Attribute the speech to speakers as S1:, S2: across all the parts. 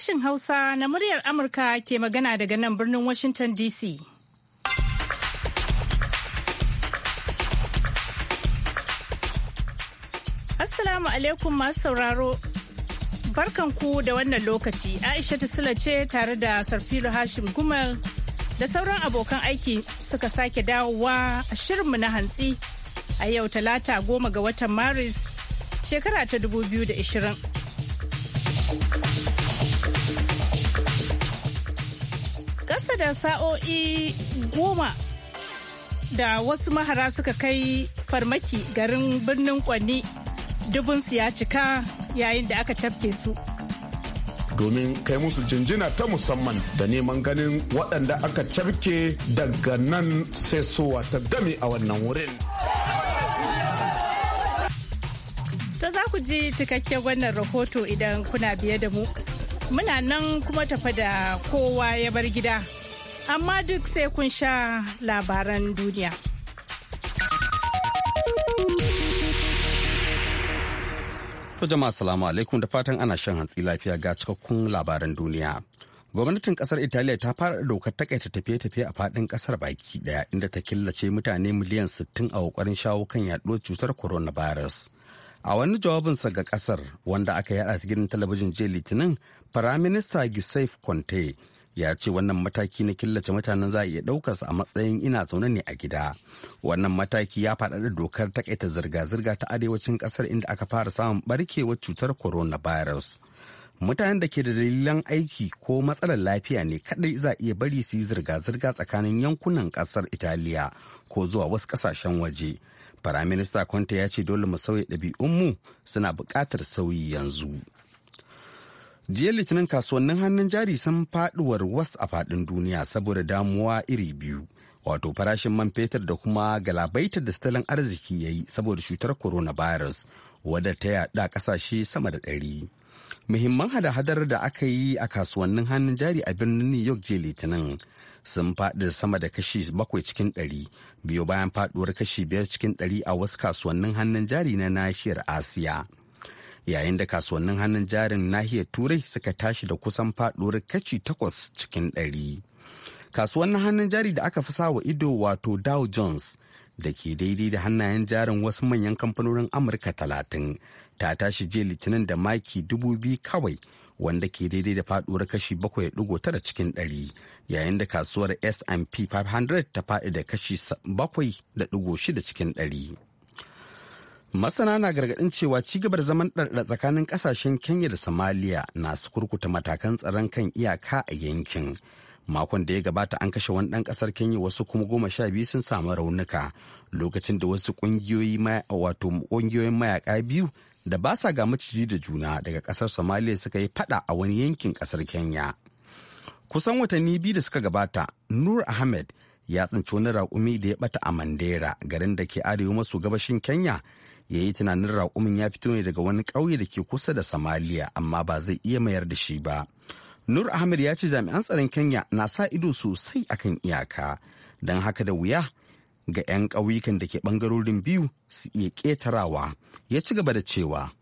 S1: Sashen Hausa na muryar Amurka ke magana daga nan birnin Washington DC. Assalamu alaikum masu sauraro. Barkanku da wannan lokaci. Aisha Sula ce tare da Sarfilu Hashim Gumal da sauran abokan aiki suka sake dawowa a shirinmu na hantsi a yau talata goma ga watan Maris shekara ta 2020. ƙasa da sa'o'i goma da wasu mahara suka kai farmaki garin birnin kwanni dubunsu ya cika yayin da aka cafke su
S2: domin kai musu jinjina ta musamman da neman ganin waɗanda aka cafke daga nan sai sowa ta game a wannan wurin
S1: ta za ku ji cikakken wannan rahoto idan kuna biye da mu muna nan kuma tafa da kowa ya bar gida amma duk sai kun sha labaran duniya.
S3: To jama'a salamu alaikum da fatan ana shan hantsi lafiya ga cikakkun labaran duniya. Gwamnatin kasar Italiya ta fara dokar takaita tafiye-tafiye a fadin kasar baki daya inda ta killace mutane miliyan 60 a kokarin shawo kan yaduwar cutar coronavirus. A wani jawabinsa ga kasar wanda aka yada ta gidan talabijin jiya Litinin, Firaminista Giuseppe Conte ya ce wannan mataki na killace mutanen za a iya ɗaukarsa a matsayin ina zaune ne a gida wannan mataki ya faɗaɗa dokar takaita zirga-zirga ta arewacin ƙasar inda aka fara samun barkewar cutar coronavirus mutanen da ke da dalilan aiki ko matsalar lafiya ne kadai za a iya bari su yi zirga-zirga tsakanin yankunan ƙasar italiya ko zuwa wasu ƙasashen waje firaminista kwanta ya ce dole mu sauya ɗabi'unmu suna buƙatar sauyi yanzu jiya litinin kasuwannin hannun jari sun faduwar was a faɗin duniya saboda damuwa iri biyu wato farashin man fetur da kuma galabaitar da tattalin arziki ya yi saboda cutar coronavirus wadda ta yaɗa kasashe sama da ɗari muhimman hada-hadar da aka yi a kasuwannin hannun jari a birnin new york jiya litinin sun faɗi sama da kashi bakwai cikin ɗari biyo bayan faɗuwar kashi biyar cikin ɗari a wasu kasuwannin hannun jari na nashiyar asiya yayin da kasuwannin hannun jarin nahiyar turai suka tashi da kusan faɗuwar kaci takwas cikin ɗari. kasuwannin hannun jari da aka fi sawa ido wato dow jones da ke daidai da hannayen jarin wasu manyan kamfanonin amurka talatin ta tashi jiya litinin da maki dubu biyu kawai wanda ke daidai da faɗuwar kashi bakwai tara cikin ɗari yayin da kasuwar s&p 500 ta faɗi da kashi bakwai da shida cikin ɗari. Masana na gargaɗin cewa cigabar zaman ɗarɗa tsakanin ƙasashen Kenya da Somalia na su kurkuta matakan tsaron kan iyaka a yankin. Makon da ya gabata an kashe wani ɗan ƙasar Kenya wasu kuma goma sha biyu sun samu raunuka lokacin da wasu ƙungiyoyi wato ƙungiyoyin mayaƙa biyu da ba sa ga maciji da juna daga ƙasar Somalia suka yi faɗa a wani yankin ƙasar Kenya. Kusan watanni biyu da suka gabata, Nur Ahmed ya tsinci wani raƙumi da ya ɓata a Mandera garin da ke arewa maso gabashin Kenya ya yi tunanin raƙumin ya fito ne daga wani ƙauye da ke kusa da samaliya amma ba zai iya mayar da shi ba nur ahmed ya ce jami'an tsaron kenya na sa ido sosai akan iyaka don haka da wuya ga 'yan ƙauyukan da ke ɓangarorin biyu su iya ƙetarawa ya ci gaba da cewa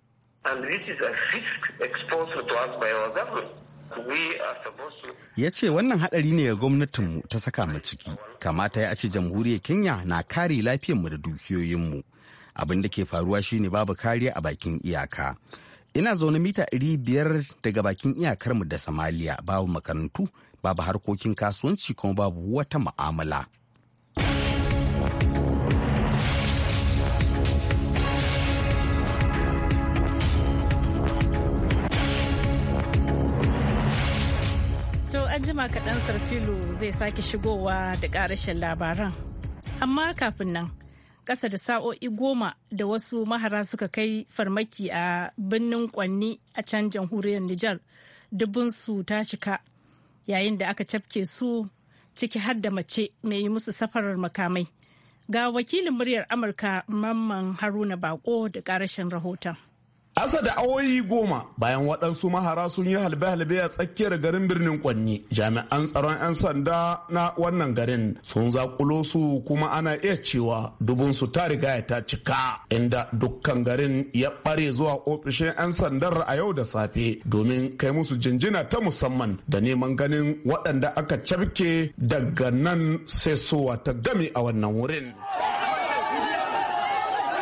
S3: ya ce wannan haɗari ne ga gwamnatinmu ta saka mu ciki kamata ya ce jamhuriyar kenya na kare lafiyarmu da dukiyoyinmu abin da ke faruwa shine babu kariya a bakin iyaka ina zaune mita biyar daga bakin iyakarmu da samaliya babu makarantu babu harkokin kasuwanci kuma babu wata mu'amala
S1: an jima kaɗan sarfilu zai sake shigowa da ƙarashin labaran amma kafin nan ƙasa da sa'o'i goma da wasu mahara suka kai farmaki a birnin kwanni a can jamhuriyar Nijar dubunsu ta cika yayin da aka cafke su ciki har da mace mai yi musu safarar makamai. Ga wakilin muryar Amurka Mamman Haruna Bako da ƙarashin rahoton.
S2: Asa da awoyi goma bayan waɗansu mahara sun yi halbe-halbe a tsakiyar garin birnin Kwanni. Jami'an tsaron 'yan sanda na wannan garin sun zaƙulo su kuma ana iya cewa dubunsu ta riga ta cika inda dukkan garin ya ɓare zuwa ofishin 'yan sandar a yau da safe domin kai musu jinjina ta musamman da neman ganin waɗanda aka cafke daga nan sai sowa ta gami a wannan wurin.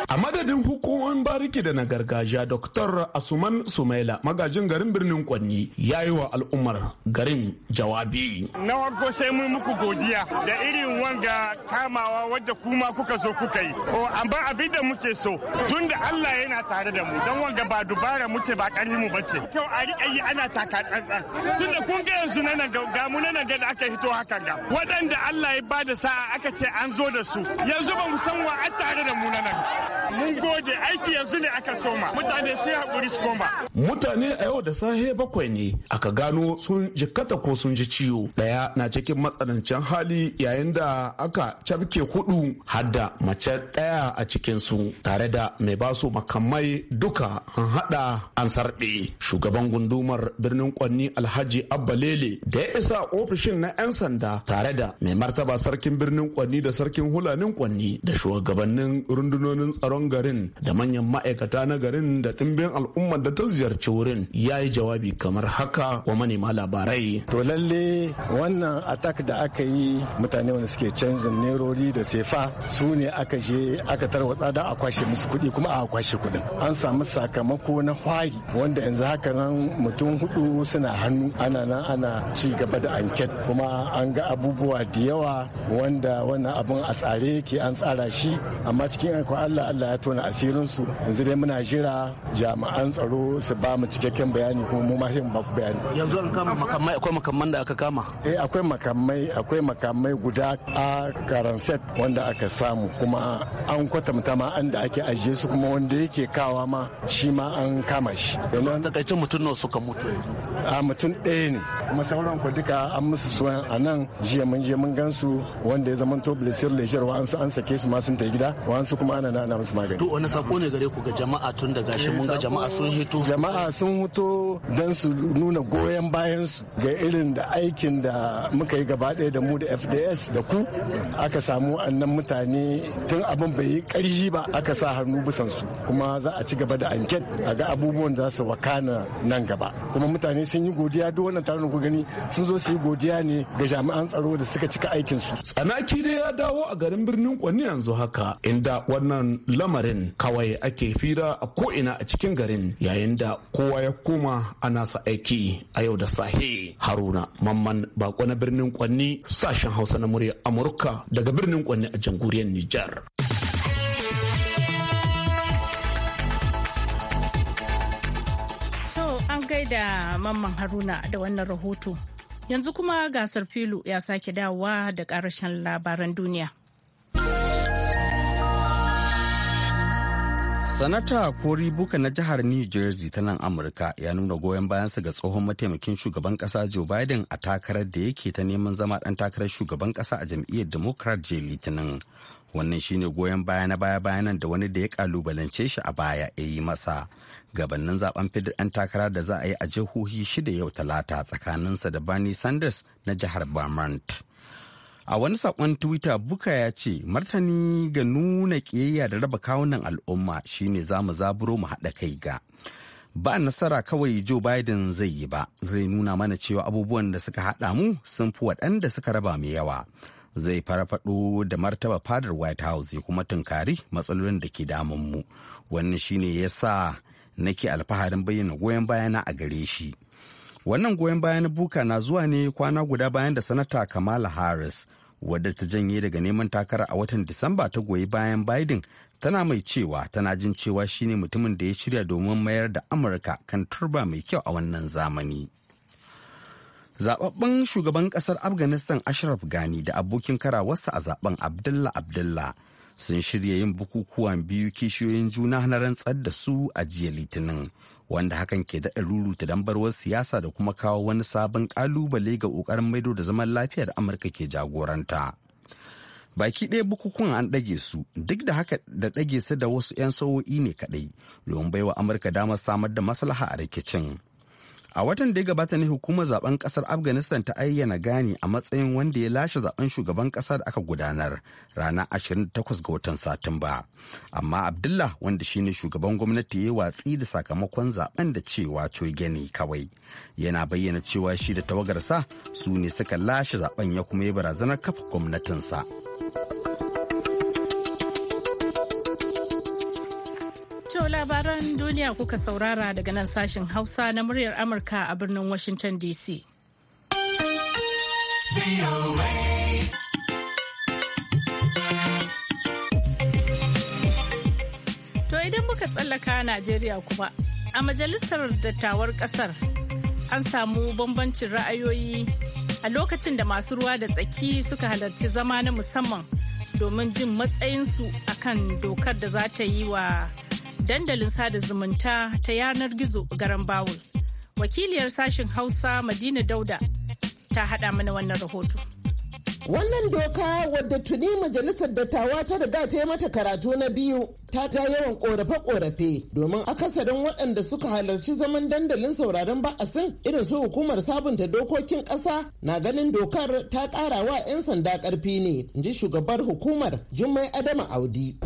S2: A madadin hukumomin bariki da na gargajiya Dr. Asuman Sumaila magajin garin birnin Kwanni ya yi wa al'ummar garin jawabi. Na
S4: farko sai mun muku godiya da irin wanga kamawa wadda kuma kuka zo kuka yi. Ko amma abin da muke so tun da Allah yana tare da mu don wanga ba dubara muce ba karni mu bace. Kyau
S5: a riƙa yi ana taka tsantsan.
S4: Tun da kun ga yanzu na nan ga mu na ga da aka hito haka ga. Waɗanda Allah ya ba da sa'a aka ce an zo da su. Yanzu ba mu san wa a tare da mu na Mun gode aiki yanzu ne aka soma. Mutane sai haƙuri su koma.
S2: Mutane a yau da sahe bakwai ne aka gano sun jikkata ko sun ji ciwo. Daya na cikin matsanancin hali yayin da aka cafke hudu hadda mace daya a cikin su tare da mai basu makamai duka an hada an sarɗe. Shugaban gundumar birnin Kwanni Alhaji Abbalele da ya isa ofishin na 'yan sanda tare da mai martaba sarkin birnin Kwanni da sarkin hulanin Kwanni da shugabannin rundunonin tsaron shugaban garin da manyan ma'aikata na garin da ɗimbin al'umma da ta ziyarci wurin ya yi jawabi kamar haka wa manema
S6: labarai. To lalle wannan attack da aka yi mutane wanda suke canjin nerori da sefa su ne aka je aka tarwatsa da a kwashe musu kuɗi kuma a kwashe kuɗin. An samu sakamako na kwari wanda yanzu haka nan mutum hudu suna hannu ana nan ana ci gaba da anket kuma an ga abubuwa da yawa wanda wannan abun a tsare ke an tsara shi amma cikin Allah Allah Allah ya tona asirinsu yanzu dai muna jira jami'an tsaro su ba mu cikakken bayani kuma
S7: mu ma sai mu ba bayani yanzu an kama makamai akwai makamman da aka kama
S6: eh akwai makamai akwai makamai guda a karanset wanda aka samu kuma an kwatanta ma an da ake ajiye su kuma wanda yake kawa ma shi ma an kama shi domin takaice mutum nawa suka mutu yanzu a mutum ɗaya ne kuma sauran ku duka an musu sunan a nan jiya mun je mun gansu wanda ya zama to blessir leisure wa'ansu an sake su ma sun ta gida wa'ansu kuma ana na musu magani to wani
S7: sako ne gare ku ga jama'a tun da gashi mun ga eh, jama'a sun hito
S6: jama'a sun hito don su nuna goyon bayan su ga irin da aikin da muka yi gaba ɗaya da mu da FDS da ku aka samu annan mutane tun abin bai yi ƙarfi ba aka sa hannu bisan su kuma za a ci gaba da anket a ga abubuwan za su wakana nan gaba kuma mutane sun yi godiya duk wannan taron ku gani sun zo su yi godiya ne ga jami'an tsaro da suka
S2: cika aikin su tsanaki dai ya dawo a garin birnin Kwani yanzu haka inda wannan lamarin kawai ake fira a ko'ina a cikin garin yayin da kowa ya koma a nasa aiki a yau da sahi haruna mamman bako na birnin kwanni sashen hausa na murya amurka daga birnin kwanni a jamhuriyar nijar
S1: gaida mamman haruna da wannan rahoto yanzu kuma gasar filu ya sake dawowa da karashen labaran duniya
S3: Sanata kori Buka na jihar New Jersey ta nan Amurka ya nuna goyon bayansa ga tsohon mataimakin shugaban kasa Joe Biden a takarar da yake ta neman zama dan takarar shugaban kasa a jam'iyyar Democrat je Litinin. Wannan shine goyon baya na baya bayanan da wani da ya kalubalance shi a baya ya yi masa. gabanin zaben fidda ɗan takara da za a yi a jihohi shida yau talata tsakaninsa da Bernie Sanders na jihar Vermont. A wani saƙon Twitter Buka ya ce martani ga nuna ƙiyayya da raba kawunan al'umma shine za mu zaburo mu haɗa kai ga. Ba nasara kawai Joe Biden zai yi ba, zai nuna mana cewa abubuwan da suka haɗa mu sun fi waɗanda suka raba mu yawa. Zai farfaɗo da martaba fadar White House ya kuma tunkari matsalolin da ke damun mu. Wannan shine ya sa nake alfaharin bayyana goyon bayana a gare shi. Wannan goyon bayan buka na zuwa ne kwana guda bayan da Sanata Kamala Harris wadda ta janye daga neman takara a watan disamba ta goyi bayan biden tana mai cewa tana jin cewa shine mutumin da ya shirya domin mayar da amurka kan turba mai kyau a wannan zamani zababben shugaban kasar afghanistan ashraf gani da abokin karawarsa a zaben abdullah abdullah sun shirya yin bukukuwan biyu kishiyoyin juna na rantsar da su a jiya litinin wanda hakan ke daɗa ruruta dambarwar siyasa da kuma kawo wani sabon ƙalubale ga ƙoƙarin maido da zaman lafiyar amurka ke jagoranta baki ɗaya bukukuwan an ɗage su duk da haka da ɗage su da wasu 'yan sauwo'i ne kaɗai domin baiwa amurka damar samar da maslaha a rikicin a watan da ya gabata ne hukumar zaben kasar afghanistan ta ayyana gani a matsayin wanda ya lashe zaben shugaban kasa da aka gudanar ranar 28 ga watan satumba amma abdullah wanda shine shugaban gwamnati ya watsi da sakamakon zaben da cewa gani kawai yana bayyana cewa shi da tawagarsa su ne suka lashe zaben ya kuma yi barazanar kafa gwamnatinsa.
S1: To labaran duniya kuka saurara daga nan sashen Hausa na muryar Amurka a birnin Washington DC. To idan muka tsallaka Najeriya kuma, a majalisar dattawar kasar an samu bambancin ra'ayoyi a lokacin da masu ruwa da tsaki suka halarci zama na musamman domin jin matsayinsu akan dokar da za ta yi wa dandalin sada zumunta ta yanar gizo garan bawul wakiliyar sashen hausa madina dauda ta hada mana wannan rahoto
S8: wannan doka wadda tuni majalisar dattawa ta riga ta yi mata karatu na biyu ta ja yawan korafe-korafe domin akasarin waɗanda suka halarci zaman dandalin sauraron ba'asin irin su hukumar sabunta dokokin ƙasa na ganin dokar ta ƙara wa 'yan sanda ƙarfi ne in ji shugabar hukumar jummai adama audi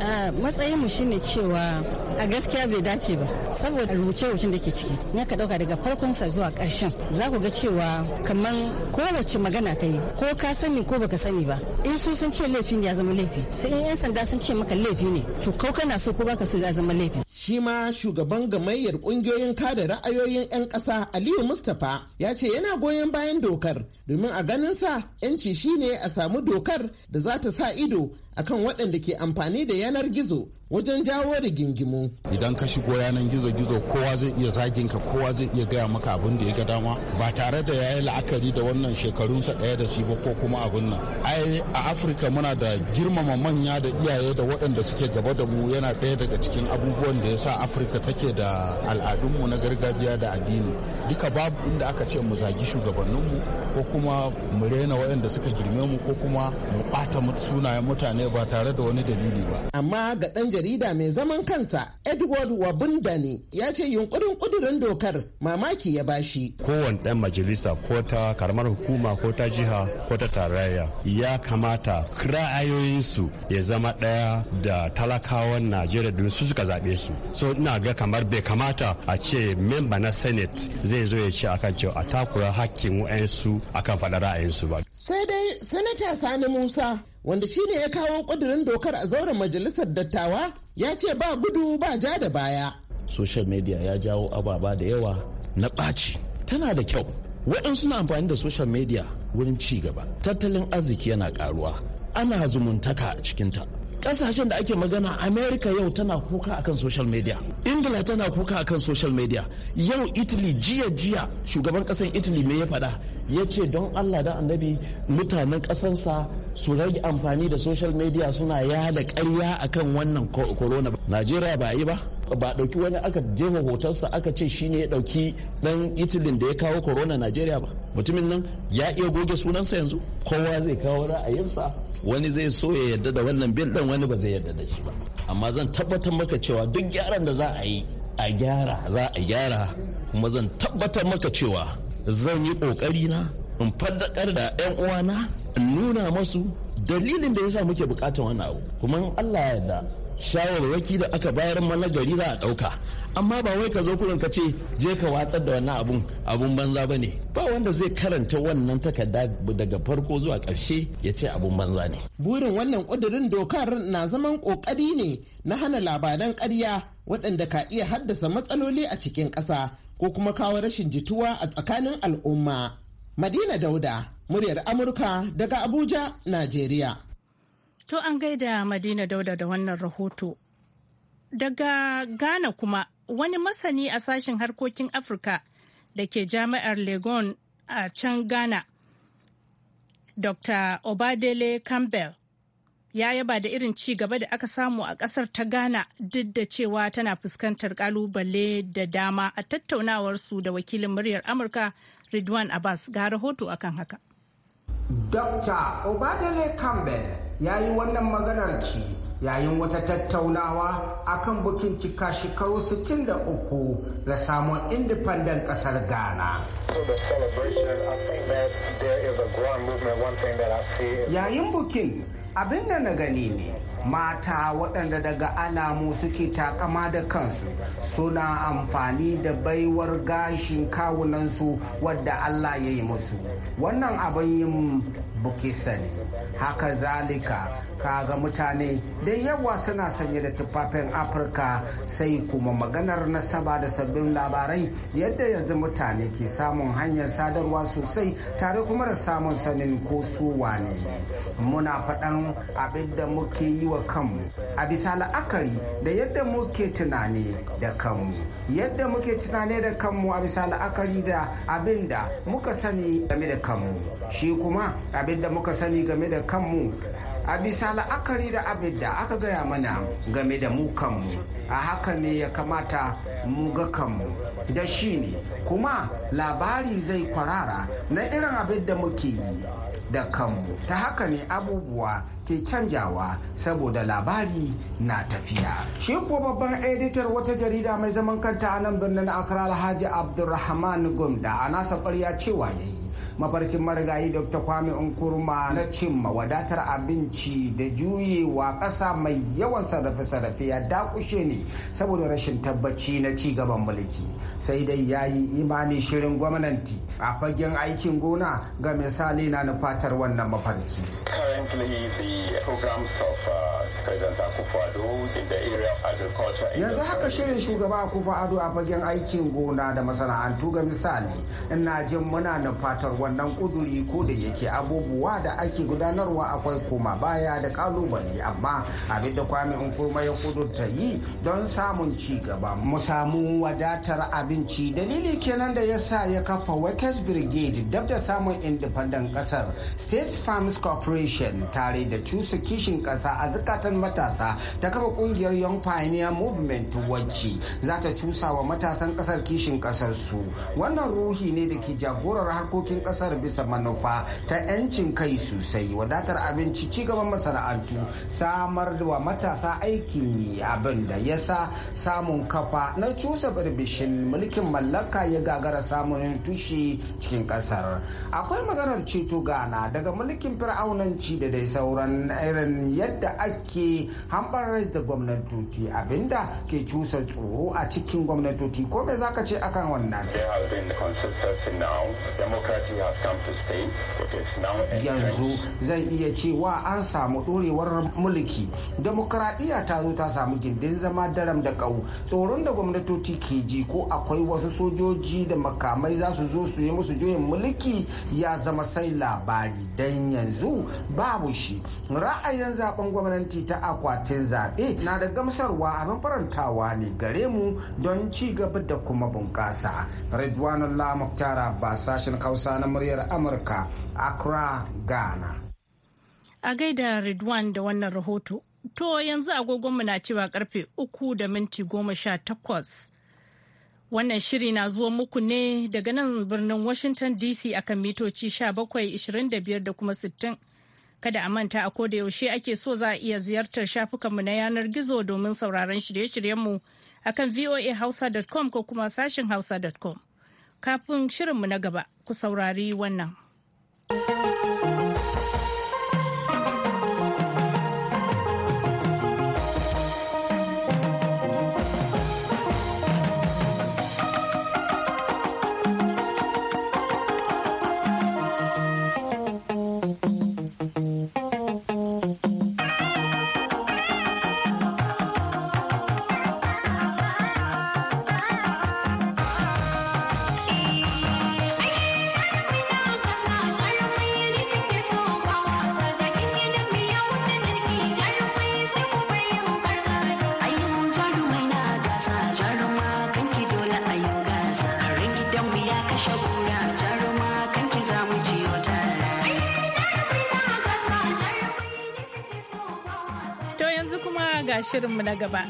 S8: matsayin mu shine
S1: cewa a gaskiya bai dace ba saboda rubuce rubucin da ke ciki ya ka ɗauka daga farkon sa zuwa ƙarshen za ku ga cewa kamar kowace magana ka yi ko ka sani ko baka sani ba in su sun ce ne ya zama laifi sai 'yan sanda sun ce maka laifi ne to ko kana kana so ko
S8: baka so ya zama laifi shi ma shugaban gamayyar kungiyoyin kada ra'ayoyin 'yan ƙasa aliyu mustapha ya ce yana goyon bayan dokar domin a ganin sa 'yanci shine a samu dokar da za ta sa ido akan waɗanda ke amfani da yanar gizo wajen jawo rigingimu.
S2: Idan ka shigo yanan gizo-gizo kowa zai iya zagin ka kowa zai iya gaya maka abin da ya ga dama ba tare da ya yi la'akari da wannan shekarunsa ɗaya da su ba ko kuma abin nan. Ai a Afirka muna da girmama manya da iyaye da waɗanda suke gaba da mu yana ɗaya daga cikin abubuwan da ya sa Afirka take da al'adunmu na gargajiya da addini. Duka babu inda aka ce mu zagi shugabanninmu ko kuma mu rena waɗanda suka girme mu ko kuma mu ɓata sunayen mutane ba tare da wani dalili ba.
S8: Amma ga ɗan jarida mai zaman kansa Edward Wabundani ya ce yunkurin kudurin dokar mamaki ya bashi.
S2: Kowane dan majalisa ko ta karamar hukuma ko ta jiha ko ta tarayya ya kamata ra'ayoyinsu ya zama ɗaya da talakawan Najeriya domin su suka zaɓe su. So ina ga kamar bai kamata a ce memba na Senate zai zo ya ce akan cewa a takura hakkin wa'ansu akan faɗa ra'ayinsu ba.
S8: Sai dai Sanata Sani Musa wanda shine ya kawo ƙudirin dokar a zauren majalisar dattawa ya ce ba
S7: gudu ba ja da baya. social media ya jawo ababa da yawa na ɓaci tana da kyau waɗansu na amfani da social media wurin ci gaba tattalin arziki yana ƙaruwa ana zumuntaka a cikinta kasashen da ake magana america yau tana kuka akan social media ingila tana kuka akan social media yau italy jiya jiya shugaban kasan italy me ya faɗa ya ce don allah da annabi mutanen kasansa su rage amfani da social media suna yada karya akan wannan corona najeriya ba yi ba ba dauki wani aka jefa hotonsa aka ce shine ya dauki dan italy da ya kawo corona najeriya ba mutumin nan ya iya goge sunansa yanzu kowa zai kawo ra'ayinsa wani zai so ya yarda da wannan bil din wani ba zai yarda da shi ba amma zan tabbatar maka cewa duk gyaran da za a yi a gyara za a gyara kuma zan tabbatar maka cewa zan yi ƙoƙari na in faddakar da yan uwana in nuna masu dalilin da yasa muke bukatar wani abu kuma in Allah ya yarda shawarwaki da aka bayar mana gari za a ɗauka amma ba wai ka zo kurin ka ce je ka watsar da wannan abun abun banza ba ne ba wanda zai karanta wannan takarda daga farko zuwa ƙarshe ya ce abun banza ne
S8: burin wannan ƙudurin dokar na zaman ƙoƙari ne na hana labaran karya waɗanda ka iya haddasa matsaloli a cikin ƙasa ko kuma kawo rashin jituwa a tsakanin al'umma madina dauda muryar amurka daga abuja najeriya
S1: To an gaida Madina Dauda da wannan rahoto. Daga Ghana kuma wani masani a sashen harkokin Afirka da ke jami'ar Legon a can Ghana, Dr. Obadele Campbell, ya yaba da irin ci gaba da aka samu a ƙasar ta ghana duk da cewa tana fuskantar ƙalubale da dama a tattaunawarsu da wakilin muryar amurka ridwan abbas ga rahoto akan haka
S5: dr obadele campbell ya yi wannan maganar ci yayin wata tattaunawa akan bukin cika shekaru 63 da samun independent kasar ghana yayin bukin abin da na gani ne mata waɗanda daga alamu suke takama da kansu suna amfani da baiwar gashin kawunansu wadda allah ya yi musu wannan abin yin bukisa ne haka zalika kaga mutane da yawa suna sanye da tufafin afirka sai kuma maganar nasaba da sabbin labarai yadda yanzu mutane ke samun hanyar sadarwa sosai tare kuma da samun sanin ko su wane ne muna faɗan abin da muke yi wa kanmu a bisa la'akari da yadda muke tunani da kanmu yadda muke tunani da kanmu a bisa la'akari da abin da muka sani game da kanmu shi kuma abin da muka sani game da kanmu a bisa la'akari da abin da aka gaya mana game da mu kanmu a haka ne ya kamata mu ga kanmu da shi ne kuma labari zai kwarara na irin abin da muke yi da kanmu ta haka ne abubuwa ke canjawa saboda labari na tafiya shi kuwa babban editar wata jarida mai zaman kanta a nan birnin akra alhaji abdulrahman gumda a nasa ƙwarya cewa ya yi mafarkin marigayi dr kwame nkuruma na cimma wadatar abinci da juyewa ƙasa mai yawan sarrafe-sarrafe ya dakushe ne saboda rashin tabbaci na ci gaban mulki sai dai ya yi imani shirin gwamnati a fagen aikin gona ga misali na nufatar wannan mafarki. yanzu haka shirin shugaba a kufa ado a fagen aikin gona da masana'antu ga misali ina jin muna nufatar wannan kuduri ko da yake abubuwa da ake gudanarwa akwai koma baya da kalubale amma abin da kwami in koma ya kudurta yi don samun ci gaba mu samu wadatar a. abinci dalili kenan da ya sa ya kafa workers brigade dab da samun independent kasar state farms corporation tare da cusa kishin kasa a zukatan matasa ta kafa kungiyar young pioneer movement wacce za ta cusa wa matasan kasar kishin kasar su wannan ruhi ne da ke jagorar harkokin kasar bisa manufa ta 'yancin kai sosai wadatar abinci cigaban masana'antu samar wa matasa aikin yi abin da ya sa samun kafa na cusa birbishin mulkin mallaka ya gagara samun tushe cikin kasar akwai maganar ceto gana daga mulkin fir'aunanci da dai sauran irin yadda ake rai da gwamnatoci abinda ke cusa tsoro a cikin gwamnatoci ko me zaka ce akan wannan yanzu zai iya cewa an samu ɗorewar mulki demokradiyya ta zo ta samu gindin zama daram da ƙau tsoron da gwamnatoci ke ji ko akwai wasu sojoji da makamai za su zo su yi musu juyin mulki ya zama sai labari don yanzu babu shi ra'ayin zaben gwamnati ta akwatin zaɓe na da gamsarwa abin farantawa ne gare mu don ci gaba da kuma bunƙasa ridwanullah muktara ba sashen kausa na muryar amurka accra ghana
S1: a gaida Ridwan da wannan rahoto. To yanzu agogonmu na cewa karfe uku da minti goma sha takwas Wannan shiri na zuwa muku ne daga nan birnin Washington DC akan mitoci 1725 da kuma 60. Kada a manta a koda yaushe ake so za a iya ziyartar shafukanmu na yanar gizo domin sauraron shirye-shiryenmu akan voahausa.com ko kuma sashin hausa.com. Kafin shirinmu na gaba, ku saurari wannan. shirinmu na gaba.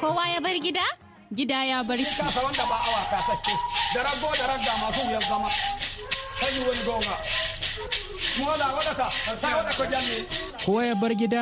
S1: Kowa ya bar gida? Gida ya bar shi. Kasa wanda
S9: ba awa kasashe, da rago da ragga masu wuyar zama, yi wani gonga.
S2: Kowa ya bar gida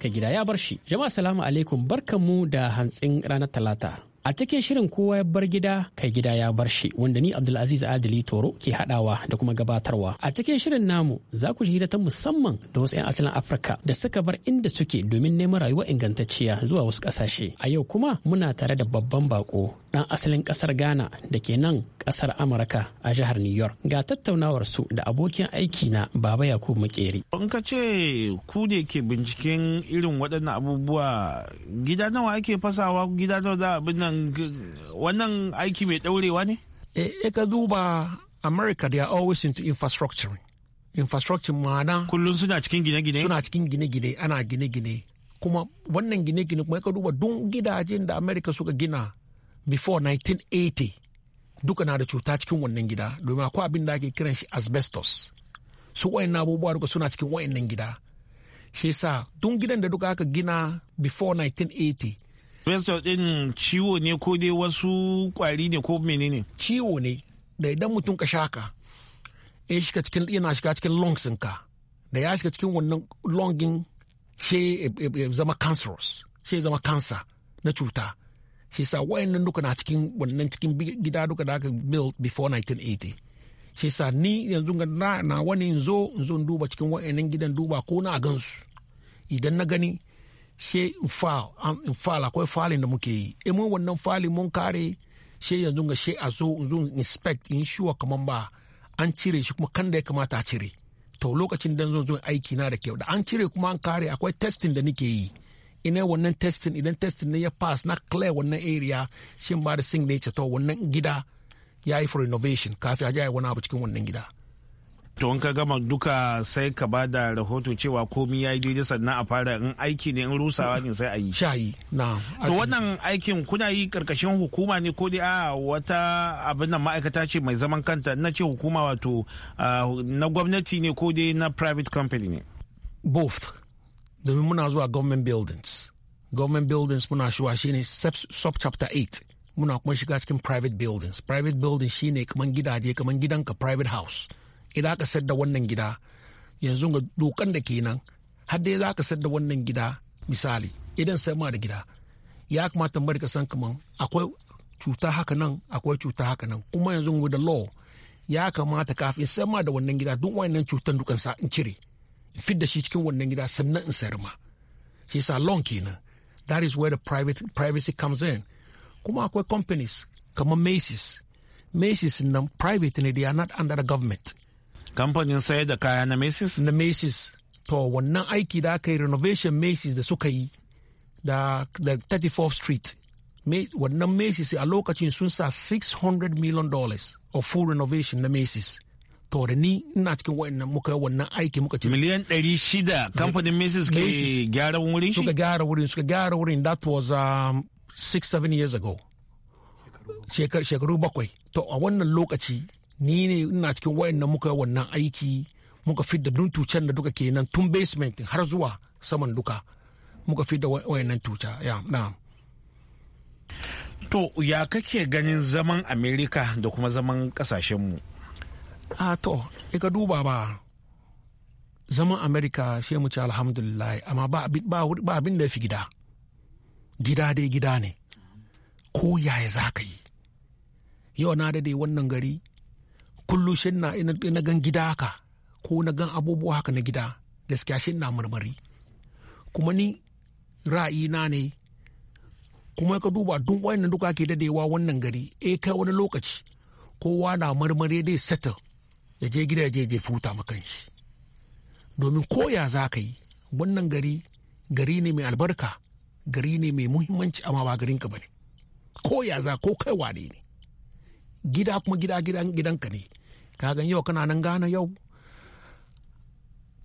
S2: ka gida ya bar shi. Jama'a salamu alaikum barkanmu da hantsin ranar talata. a cikin shirin kowa ya bar gida kai gida ya bar shi wanda ni abdulaziz adili toro ke hadawa da kuma gabatarwa a cikin shirin namu za ku hira ta musamman da wasu 'yan asalin afirka da suka bar inda suke domin neman rayuwa ingantacciya zuwa wasu kasashe a yau kuma muna tare da babban bako dan asalin kasar ghana da ke nan kasar amurka a jihar new york ga tattaunawar su da abokin aiki na baba yakubu makeri in
S4: ka ce ku ne ke binciken irin waɗannan abubuwa gida nawa ake fasawa gida nawa za bi nan wannan aiki mai ɗaurewa ne e ka
S9: duba america they are always into infrastructure infrastructure ma'ana kullum suna cikin gine-gine suna cikin gine-gine ana gine-gine kuma wannan gine-gine kuma ka duba don gidajen da america suka gina before 1980 duka na da cuta cikin wannan gida domin akwai abin da ake kiran shi asbestos su wayannan abubuwa duka suna cikin wayannan gida shi sa tun gidan da duka aka gina before 1980 asbestos din ciwo ne ko dai wasu kwari ne ko menene ciwo ne da idan mutum ka shaka in shiga cikin yana shiga cikin lungs ka da ya shiga cikin wannan lungin shi zama cancerous shi zama cancer na cuta shi sa wayannan duka na cikin wannan cikin gida duka da aka build before 1980 shi sa ni yanzu na, na wani in zo in zo duba cikin wayannan gidan duba ko na gansu idan na gani she in fal um, in akwai falin da muke yi in mun wannan falin mun kare she yanzu ga she a zo in zo inspect in sure kaman ba an cire shi kuma kan da ya kamata a cire to lokacin dan zo zo aiki na da kyau da an cire kuma an kare akwai testing da nake yi ina wannan testin idan testin ne ya pass na clear wannan area shin ba da signature to wannan gida ya yi for renovation kafin a jaya wani abu cikin wannan gida
S4: to in ka gama duka sai ka ba da rahoto cewa komi ya yi daidai sannan a fara in aiki ne in rusawa ne sai a yi shayi na to wannan aikin kuna yi karkashin hukuma ne ko dai a wata abin nan ma'aikata ce mai zaman kanta na ce hukuma wato ah, na gwamnati ne ko dai na private company ne
S9: both domin muna zuwa government buildings government buildings muna shuwa shine sub chapter 8 muna kuma shiga cikin private buildings private buildings shine kaman gidaje kaman gidanka private house idan aka sayar da wannan gida yanzu ga dokan da kenan har dai za ka sayar da wannan gida misali idan sai ma da gida ya kamata mu ka san kaman akwai cuta haka nan akwai cuta haka nan kuma yanzu da law ya kamata kafin sai ma da wannan gida duk wannan cutan dukan sa in cire fit da shi cikin wannan gida sannan in sayar ma shi sa loan kenan that is where the private privacy comes in kuma akwai companies kamar Macy's Macy's nan private ne they are not under the government kamfanin sayar da kaya na Macy's na Macy's to wannan aiki da aka yi renovation Macy's da suka yi da, da 34th street wannan Macy's a lokacin sun sa 600 million dollars of full renovation na Macy's to da ni ina cikin wa'annan muka yi wannan aiki muka ci miliyan
S4: 600 kamfanin Mrs ke gyara wurin shi suka
S9: gyara wurin suka gyara wurin that was um, six seven years ago shekaru bakwai to a wannan lokaci ni ne ina cikin wa'annan muka yi wannan aiki muka da dun tucen da duka kenan tun basement har zuwa saman duka muka da wa'annan tuca ya na
S4: to ya kake ganin zaman america da kuma zaman kasashenmu mu
S9: a ah, to ka duba ba zaman amerika shi mu ci alhamdulillah amma ba abin da ya fi gida gida dai gida ne ko yaya za ka yi yau na da dai wannan gari kullu shi na ina gan gida haka ko na gan abubuwa haka na gida gaskiya shi na marmari kuma ni ra'ina ne kuma ka duba duk na duka ke dadewa wannan gari e kai wani lokaci kowa na marmari dai sata ya je gida ya je ya futa ma shi domin koya za ka yi wannan gari gari ne mai albarka gari ne mai muhimmanci amma ba garin ka bane koya za ko kai wane ne gida kuma gida gidan gidanka ne ka gan yau kana nan gana yau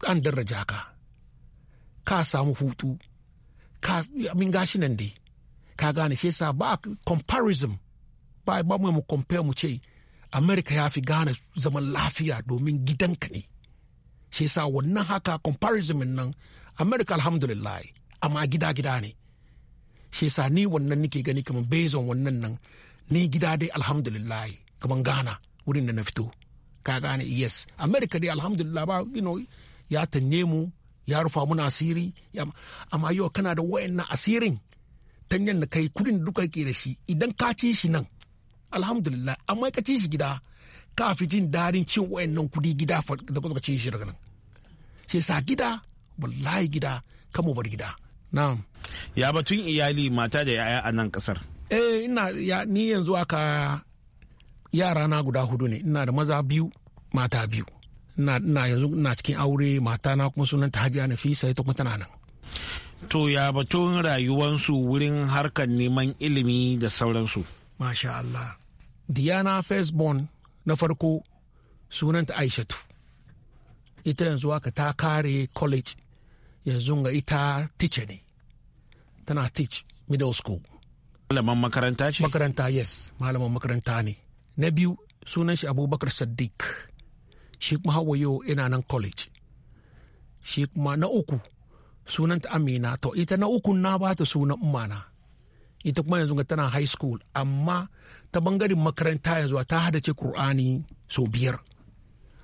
S9: an daraja ka ka samu hutu ka min gashi nan dai ka gane shi yasa ba comparison ba ba mu compare mu ce america ya fi gane zaman lafiya domin gidanka ne shi sa wannan haka comparison nan america alhamdulillah amma gida-gida ne shi sa ni wannan nake gani kamar bezon wannan nan ni gida dai alhamdulillah kamar ghana wurin da na fito ka gane yes america dai alhamdulillah ba you know, ya tanye mu ya rufa muna asiri amma yau kana da wayan na asirin tanyan da kai kudin duka ke da shi idan ka ci shi nan alhamdulillah amma ka ci shi gida ka fi jin daɗin cin wayannan kuɗi gida da ka ci shi daga nan sai sa gida wallahi gida kan mu bar gida na'am
S4: ya batun iyali mata da yaya a nan kasar
S9: eh ina ya, ni yanzu aka yara na guda hudu ne ina da maza biyu mata biyu ina yanzu ina cikin aure mata na kuma sunanta hajiya fisa ita kuma tana nan
S4: to ya batun rayuwansu wurin harkar neman ilimi da sauransu.
S9: Masha Allah. diana firstborn na farko sunanta aishatu ita yanzu haka ta kare college yanzu ga ita teacher ne tana teach middle school malaman makaranta ce makaranta yes malaman makaranta ne na biyu sunan shi abubakar sadiq shi kuma hawayo ina nan college shi kuma na uku sunanta amina to ita na uku na ba ta sunan umana ita kuma yanzu tana high school amma ta bangaren makaranta yanzu ta hada ce kur'ani sau biyar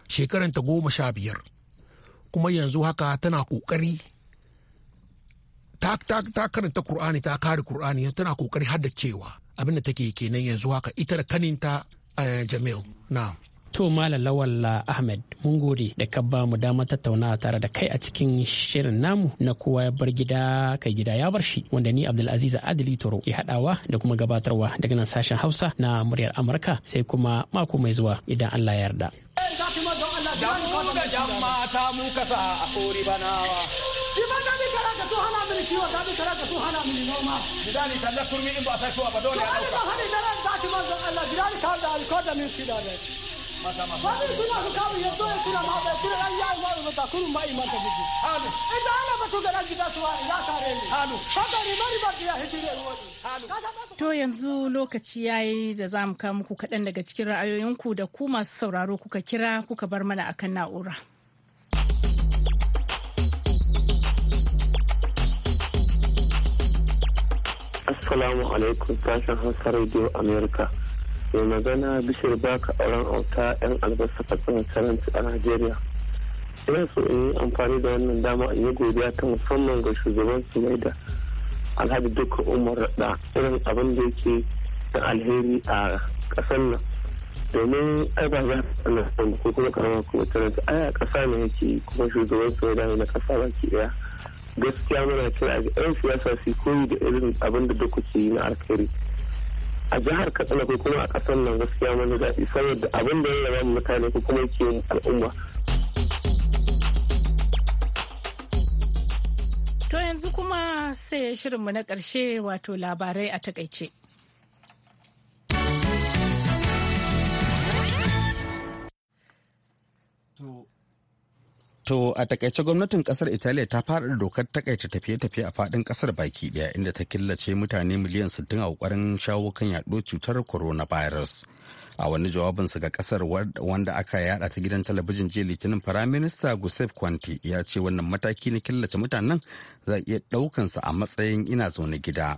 S9: shekaran ta goma sha biyar kuma yanzu haka tana kokari ta, karanta kur'ani ta kare kur'ani tana kokari cewa abinda take kenan yanzu haka ita da kaninta eh, jamil
S2: na To Malam Lawal uh, Ahmed mun gode da ka ba mu dama tattaunawa tare da kai a cikin shirin namu na kowa ya bar gida kai gida ya bar shi wanda ni Abdulaziz Adili Toro ke hadawa da kuma gabatarwa daga nan sashen Hausa na muryar Amurka sai kuma mako mai zuwa idan Allah
S9: ya yarda. Eh, gidani
S1: Fami suna su kamun yanzu ya kuna ma da kuna
S9: ran yayi ma rubuta kurun ma iman ta biji. Halu. Idan ana batu da gida su wa ya tare ni. Halu. Haka ne mari ba ya hijire ruwadi.
S1: Halu. To yanzu lokaci ya yi da za mu kawo muku kaɗan daga cikin ra'ayoyinku da ku masu sauraro kuka kira kuka bar mana akan na'ura.
S9: Assalamu alaikum sashen Hausa Radio America. mai magana bishir baka auren auta yan albasa a a najeriya ina so in yi amfani da wannan dama in yi godiya ta musamman ga shugaban su mai da alhaji dukkan umar da irin abin da yake da alheri a kasar nan domin ai ba za a na ko kuma karama kuma talent ai a kasa ne yake kuma shugaban su mai na na ba ke iya gaskiya muna kira ga 'yan siyasa su koyi da irin abin da ke yi na alheri a jihar katsina ko kuma a kasar nan gaskiya mani daɗi saboda abin da ya rama mutane ko kuma yake al'umma
S1: to yanzu kuma sai mu na ƙarshe wato labarai a takaice
S9: to
S3: To a takaice gwamnatin kasar Italiya ta fara dokar takaita tafiye-tafiye a fadin kasar baki daya inda ta killace mutane miliyan 60 a kokarin shawo kan yaɗo cutar virus A wani jawabinsa ga kasar wanda aka yada ta gidan talabijin jiya litinin firaminista Giuseppe Conte ya ce wannan mataki na killace mutanen za iya daukansa a matsayin ina zaune gida.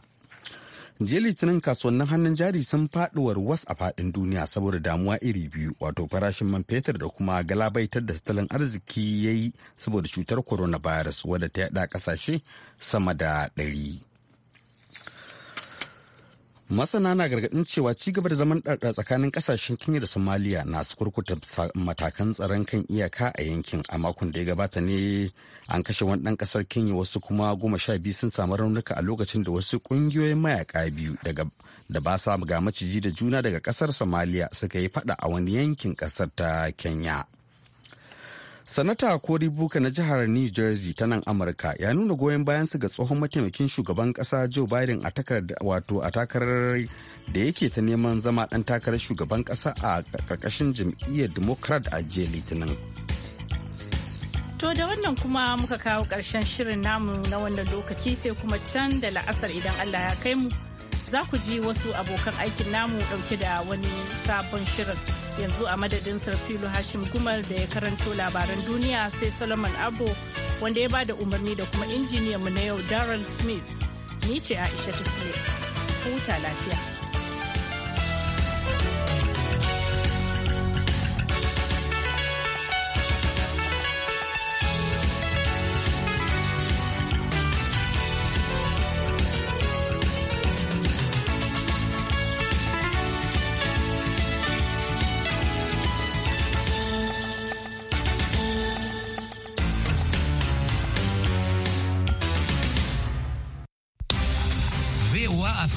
S3: je litinin kasuwannin hannun jari sun faduwar was a fadin duniya saboda damuwa iri biyu wato farashin man fetur da kuma galabaitar da tattalin arziki ya yi saboda cutar coronavirus wadda ta yada kasashe sama da ɗari. masana na gargaɗin cewa cigaba da zaman ɗarɗa tsakanin ƙasashen kenya da somaliya na su kurkuta matakan tsaron kan iyaka a yankin a makon da ya gabata ne an kashe wani ɗan ƙasar kenya wasu kuma goma sha biyu sun samu raunuka a lokacin da wasu ƙungiyoyin mayaka biyu da ba sa ga maciji da juna daga ƙasar somaliya suka yi faɗa a wani yankin ƙasar ta kenya Sanata Cory Buka na jihar New Jersey ta nan Amurka ya nuna goyon bayansa ga tsohon mataimakin shugaban kasa Joe Biden a wato a takarar da yake ta neman zama dan takarar shugaban kasa a karkashin jam'iyyar Democrat a jiya Litinin.
S1: To da wannan kuma muka kawo ƙarshen shirin namu na wannan lokaci sai kuma can da la'asar idan Allah ya kai mu za ku ji wasu abokan aikin namu ɗauke da wani sabon shirin. yanzu a madadin sarfilu hashim gumal da ya karanto labaran duniya sai solomon abu wanda ya bada umarni da kuma injiniyan mu na yau darren smith ni ce aisha ta huta lafiya